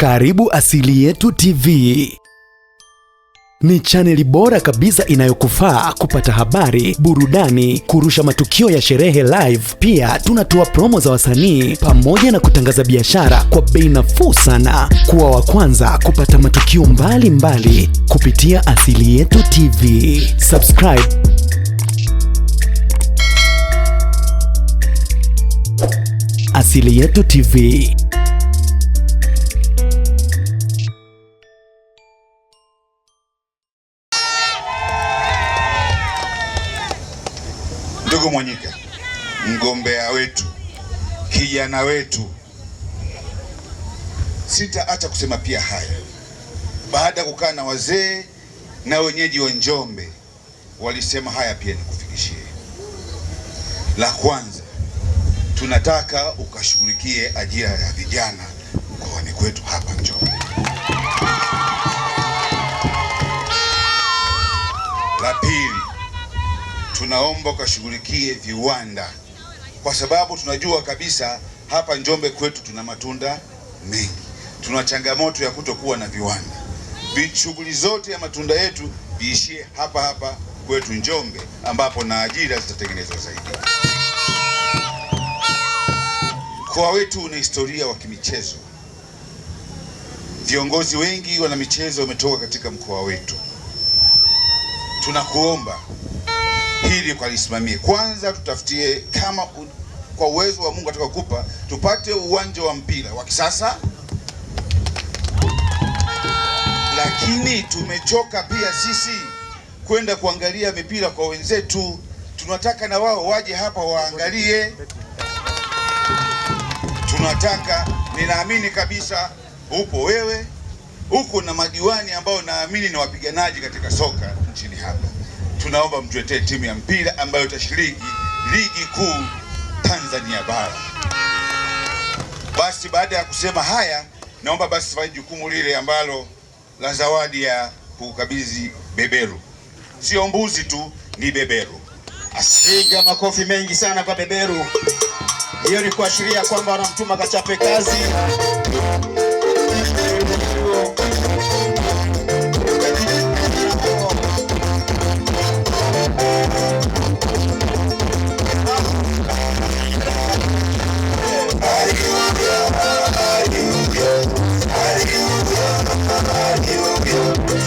Karibu Asili Yetu TV ni chaneli bora kabisa inayokufaa kupata habari, burudani, kurusha matukio ya sherehe live. Pia tunatoa promo za wasanii pamoja na kutangaza biashara kwa bei nafuu sana. Kuwa wa kwanza kupata matukio mbalimbali mbali kupitia Asili Yetu TV. Subscribe. Asili Yetu TV. vijana wetu. Sitaacha kusema pia haya baada ya kukaa na wazee na wenyeji wa Njombe, walisema haya pia nikufikishie. La kwanza, tunataka ukashughulikie ajira ya vijana mkoani kwetu hapa Njombe. La pili, tunaomba ukashughulikie viwanda kwa sababu tunajua kabisa hapa Njombe kwetu tuna matunda mengi, tuna changamoto ya kutokuwa na viwanda. Shughuli zote ya matunda yetu viishie hapa hapa kwetu Njombe, ambapo na ajira zitatengenezwa zaidi. Mkoa wetu una historia wa kimichezo. Viongozi wengi wana michezo wametoka katika mkoa wetu. Tunakuomba hili kalisimamie kwanza, tutafutie kama u, kwa uwezo wa Mungu atakokupa tupate uwanja wa mpira wa kisasa, lakini tumechoka pia sisi kwenda kuangalia mipira kwa wenzetu. Tunataka na wao waje hapa waangalie, tunataka. Ninaamini kabisa upo wewe, huko na madiwani ambao naamini ni wapiganaji katika soka nchini hapa tunaomba mtuletee timu ya mpira ambayo itashiriki ligi kuu Tanzania bara. Basi baada ya kusema haya, naomba basi fanye jukumu lile ambalo la zawadi ya kukabidhi beberu, sio mbuzi tu, ni beberu. Asiga makofi mengi sana kwa beberu. Hiyo ni kuashiria kwamba wanamtuma kachape kazi.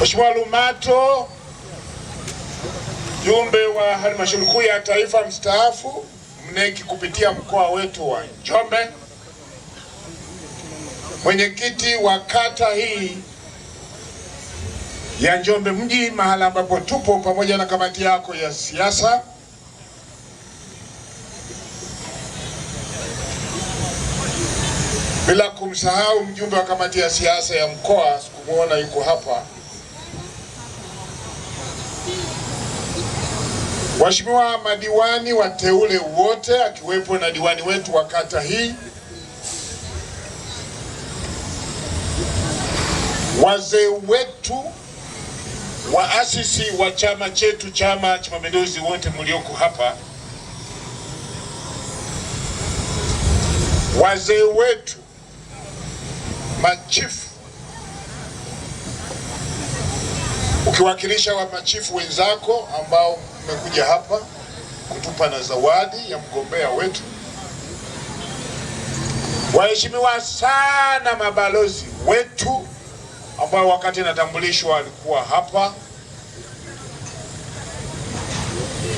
Mheshimiwa Lumato, mjumbe wa halmashauri kuu ya taifa mstaafu mneki kupitia mkoa wetu wa Njombe, mwenyekiti wa kata hii ya Njombe mji mahala ambapo tupo, pamoja na kamati yako ya siasa, bila kumsahau mjumbe wa kamati ya siasa ya mkoa, sikumwona yuko hapa Waheshimiwa madiwani wateule wote akiwepo na diwani wetu wa kata hii, wazee wetu waasisi wa chama chetu Chama cha Mapinduzi, wote mlioko hapa, wazee wetu machifu, ukiwakilisha wa machifu wenzako ambao mmekuja hapa kutupa na zawadi ya mgombea wetu. Waheshimiwa sana mabalozi wetu ambao wakati natambulishwa walikuwa hapa,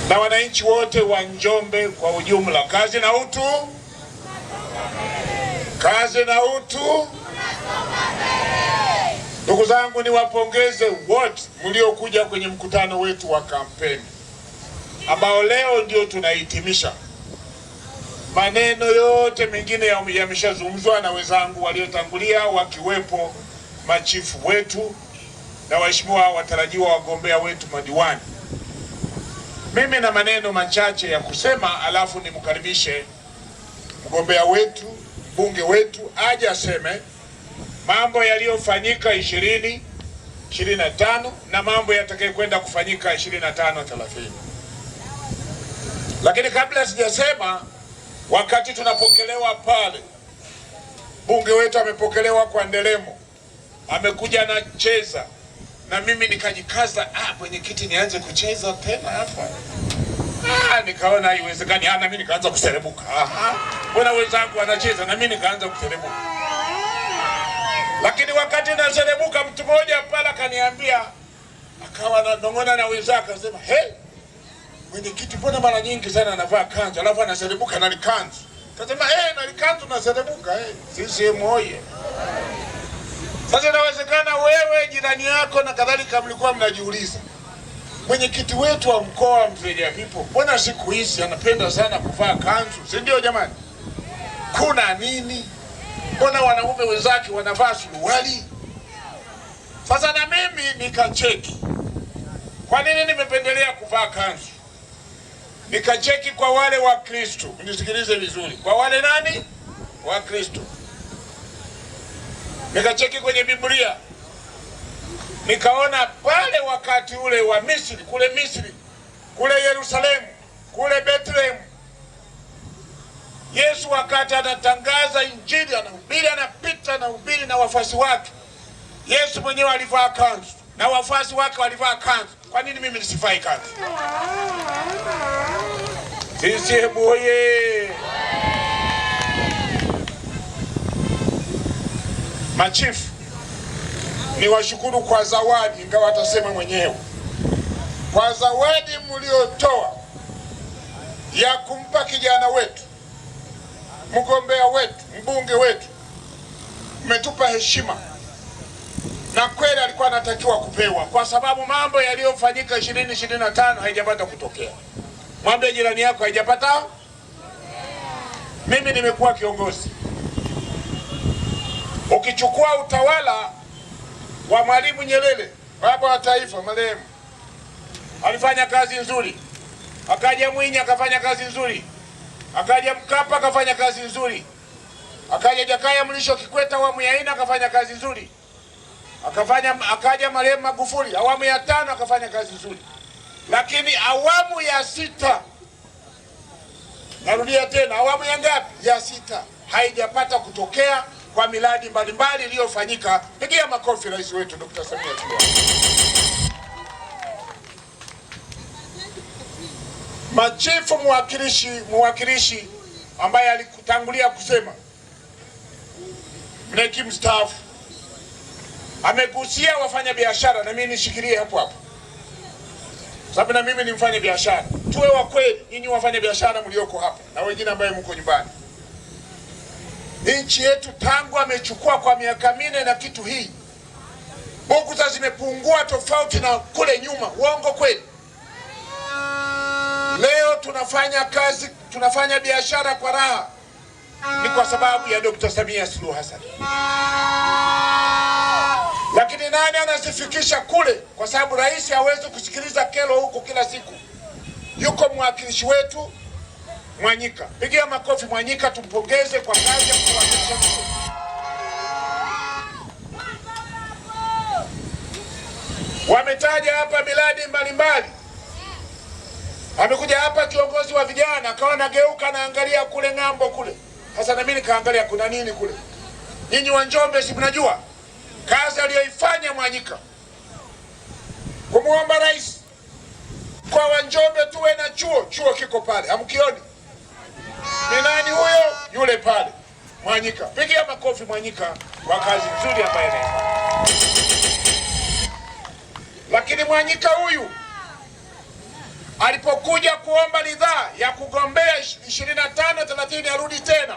na wananchi wote wa Njombe kwa ujumla. Kazi na utu, kazi na utu. Ndugu zangu, niwapongeze wote mliokuja kwenye mkutano wetu wa kampeni ambao leo ndio tunahitimisha. Maneno yote mengine yameshazungumzwa na wenzangu waliotangulia, wakiwepo machifu wetu na waheshimiwa watarajiwa wagombea wetu madiwani. Mimi na maneno machache ya kusema, alafu nimkaribishe mgombea wetu mbunge wetu aje aseme mambo yaliyofanyika ishirini ishirini na tano na mambo yatakayokwenda kufanyika ishirini na tano thelathini. Lakini kabla sijasema, wakati tunapokelewa pale, mbunge wetu amepokelewa kwa nderemo, amekuja na cheza na mimi nikajikaza, ah, mwenyekiti, nianze kucheza tena hapa ah, nikaona haiwezekani. Ah, na mimi nikaanza kuseremuka ah, Mbona wenzangu wanacheza, mimi nikaanza kuseremuka. Lakini wakati naseremuka, mtu mmoja pale akaniambia, akawa ananong'ona na wenzake akasema hey, mwenyekiti, mbona mara nyingi sana anavaa kanzu alafu anaserebuka na likanzu? Tasema eh, na likanzu eh, sisi moye. Sasa inawezekana wewe jirani yako na kadhalika, mlikuwa mnajiuliza mwenyekiti wetu wa mkoa mzee Javipo, mbona siku hizi anapenda sana kuvaa kanzu, si ndio? Jamani, kuna nini? Mbona wanaume wenzake wanavaa suruali? Sasa na mimi nikacheki, kwa nini nimependelea kuvaa kanzu? nikacheki kwa wale wa Kristo. Nisikilize vizuri, kwa wale nani wa Kristo, nikacheki kwenye Biblia nikaona pale wakati ule wa Misri, kule Misri, kule Yerusalemu, kule Bethlehemu, Yesu wakati anatangaza Injili, anahubiri, anapita, anahubiri na wafuasi wake. Yesu mwenyewe alivaa kanzu na wafuasi wake walivaa kanzu. Kwa nini mimi nisifai kanzu? CCM oye! Machifu ni washukuru kwa zawadi, ingawa atasema mwenyewe kwa zawadi mliotoa ya kumpa kijana wetu, mgombea wetu, mbunge wetu, mmetupa heshima na kweli alikuwa anatakiwa kupewa, kwa sababu mambo yaliyofanyika 2025 haijapata kutokea mwambie jirani yako haijapata. Mimi nimekuwa kiongozi. Ukichukua utawala wa Mwalimu Nyerere, baba wa taifa marehemu, alifanya kazi nzuri, akaja Mwinyi akafanya kazi nzuri, akaja Mkapa akafanya kazi nzuri, akaja Jakaya Mlisho Kikwete awamu ya nne akafanya kazi nzuri, akafanya akaja marehemu Magufuli awamu ya tano akafanya kazi nzuri. Lakini awamu ya sita, narudia tena, awamu ya ngapi? Ya sita, haijapata kutokea kwa miradi mbalimbali iliyofanyika. Pigia makofi rais wetu Dr. Samia Suluhu. Machifu mwakilishi, mwakilishi ambaye alikutangulia kusema mneki mstaafu amegusia wafanyabiashara, na mimi nishikilie hapo hapo sababu na mimi ni mfanye biashara. Tuwe wa kweli, nyinyi wafanye biashara mlioko hapa na wengine ambaye mko nyumbani. Nchi yetu tangu amechukua kwa miaka minne na kitu hii buguza zimepungua tofauti na kule nyuma. Uongo kweli? Leo tunafanya kazi, tunafanya biashara kwa raha, ni kwa sababu ya Dr. Samia Suluhu Hassan lakini nani anazifikisha kule? Kwa sababu rais hawezi kusikiliza kero huku kila siku. Yuko mwakilishi wetu Mwanyika, pigia makofi Mwanyika, tumpongeze kwa kazi ya kuwakilisha. Wametaja hapa miradi mbalimbali, amekuja hapa kiongozi wa vijana akawa nageuka naangalia kule ng'ambo kule, hasa mimi nikaangalia kuna nini kule. Nyinyi wa Njombe si mnajua kazi aliyoifanya Mwanyika kumwomba rais kwa Wanjombe tuwe na chuo. Chuo kiko pale, hamkioni? Ni nani huyo? Yule pale Mwanyika. Pigia makofi Mwanyika kwa kazi nzuri ambayo anaifanya. Lakini Mwanyika huyu alipokuja kuomba ridhaa ya kugombea tano thelathini arudi tena,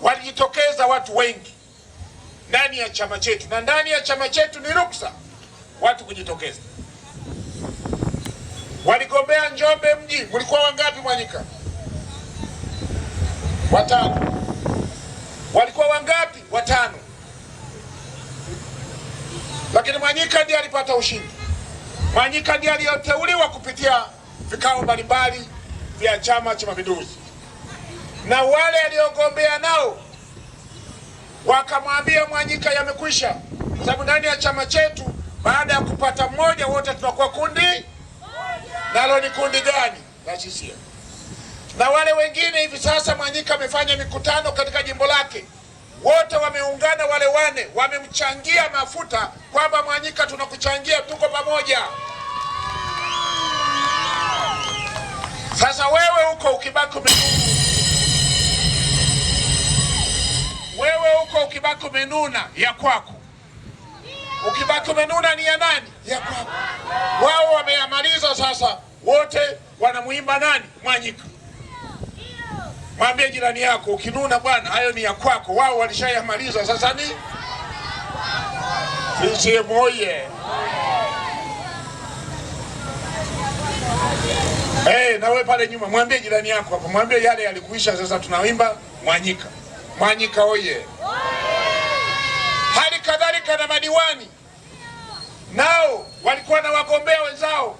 walijitokeza watu wengi ndani ya chama chetu, na ndani ya chama chetu ni ruksa watu kujitokeza. Waligombea Njombe mji, mlikuwa wangapi Mwanyika? Watano. Walikuwa wangapi? Watano. Lakini Mwanyika ndiye alipata ushindi. Mwanyika ndiye aliyoteuliwa kupitia vikao mbalimbali vya Chama cha Mapinduzi, na wale aliogombea nao wakamwambia Mwanyika yamekwisha, sababu ndani ya chama chetu baada ya kupata mmoja wote tunakuwa kundi, nalo ni kundi gani? La CCM. Na wale wengine hivi sasa Mwanyika amefanya mikutano katika jimbo lake, wote wameungana, wale wane wamemchangia mafuta kwamba Mwanyika tunakuchangia, tuko pamoja. Sasa wewe huko ukibaki umeungu Wewe huko ukibaki umenuna ya kwako, ukibaki umenuna ni ya nani? Ya kwako. Wao wameyamaliza sasa, wote wanamwimba nani? Mwanyika. Mwambie jirani yako, ukinuna bwana, hayo ni ya kwako. Wao walishayamaliza sasa ni CCM oye! Hey, eh, na wewe pale nyuma mwambie jirani yako hapo, mwambie yale yalikuisha, sasa tunawimba Mwanyika. Mwanyika oye! Hali kadhalika na madiwani nao walikuwa na wagombea wenzao,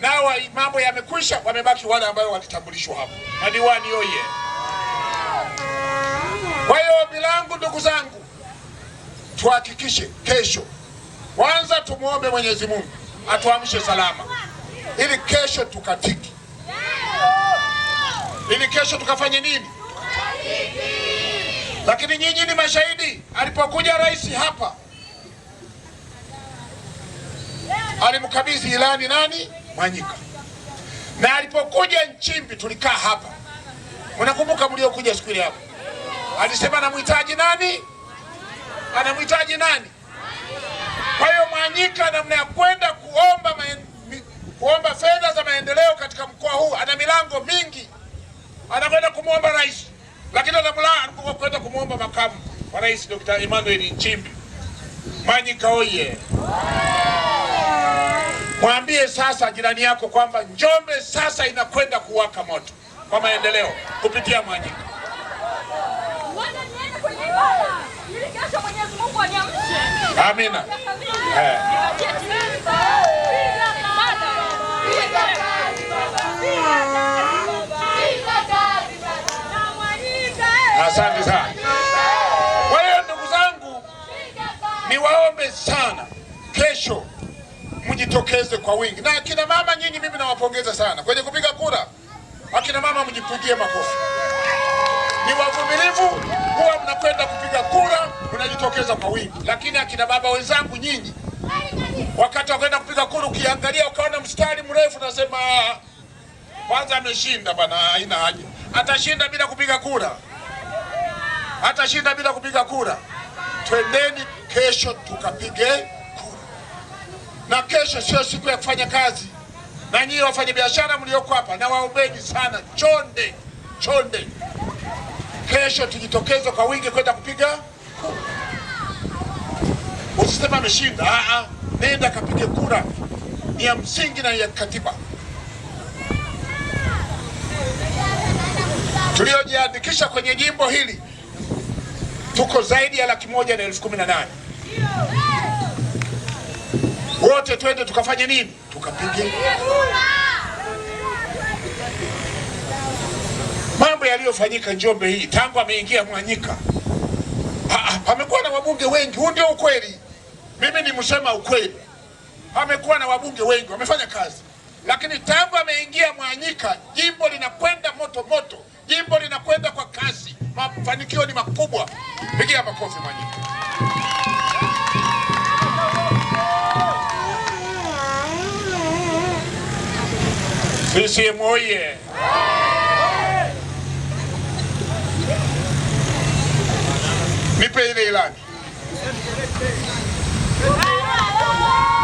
nao mambo yamekwisha, wamebaki wale ambayo walitambulishwa hapo. Madiwani oye! Kwa hiyo ombi langu, ndugu zangu, tuhakikishe kesho kwanza tumwombe Mwenyezi Mungu atuamshe salama, ili kesho tukatiki, ili kesho tukafanye nini lakini nyinyi ni mashahidi, alipokuja rais hapa alimkabidhi ilani nani? Mwanyika. Na alipokuja Nchimbi tulikaa hapa, mnakumbuka mliokuja siku ile hapa, alisema anamhitaji nani? Anamhitaji nani? Kwa hiyo Mwanyika, namna ya kwenda kuomba maen, kuomba fedha za maendeleo katika mkoa huu, ana milango mingi, anakwenda kumwomba rais lakini anamlaa alikuwa kwenda kumwomba makamu wa rais Dr. Emmanuel Nchimbi maji kaoye, mwambie sasa jirani yako kwamba Njombe sasa inakwenda kuwaka moto kwa maendeleo kupitia maji Amina. Eh. Asante sana. Kwa hiyo ndugu zangu, niwaombe sana, kesho mjitokeze kwa wingi, na akina mama nyinyi, mimi nawapongeza sana kwenye kupiga kura. Akina mama mjipigie makofi, ni wavumilivu, huwa mnakwenda kupiga kura, mnajitokeza kwa wingi. Lakini akina baba wenzangu nyinyi, wakati wakwenda kupiga kura, ukiangalia ukaona mstari mrefu, nasema ah, kwanza ameshinda bana, haina haja, atashinda bila kupiga kura atashinda bila kupiga kura. Twendeni kesho tukapige kura, na kesho sio siku ya kufanya kazi. Na nyinyi biashara mlioko hapa, na waombeni sana, chonde chonde, kesho tujitokeze kwa wingi kwenda kupiga kura. Usisema ameshinda, ah, ah. nenda kapige kura, ni ya msingi na ya katiba. Tuliojiandikisha kwenye jimbo hili tuko zaidi ya laki moja na elfu kumi na nane wote twende tukafanye nini? Tukapige mambo yaliyofanyika Njombe hii tangu ameingia Mwanyika, pamekuwa na wabunge wengi. Huu ndio ukweli, mimi ni msema ukweli. Pamekuwa na wabunge wengi wamefanya kazi, lakini tangu ameingia Mwanyika jimbo linakwenda moto moto, jimbo linakwenda kwa kasi, mafanikio ni makubwa. Pigia makofi Mwanyika. CCM oye! Nipe ile ilani.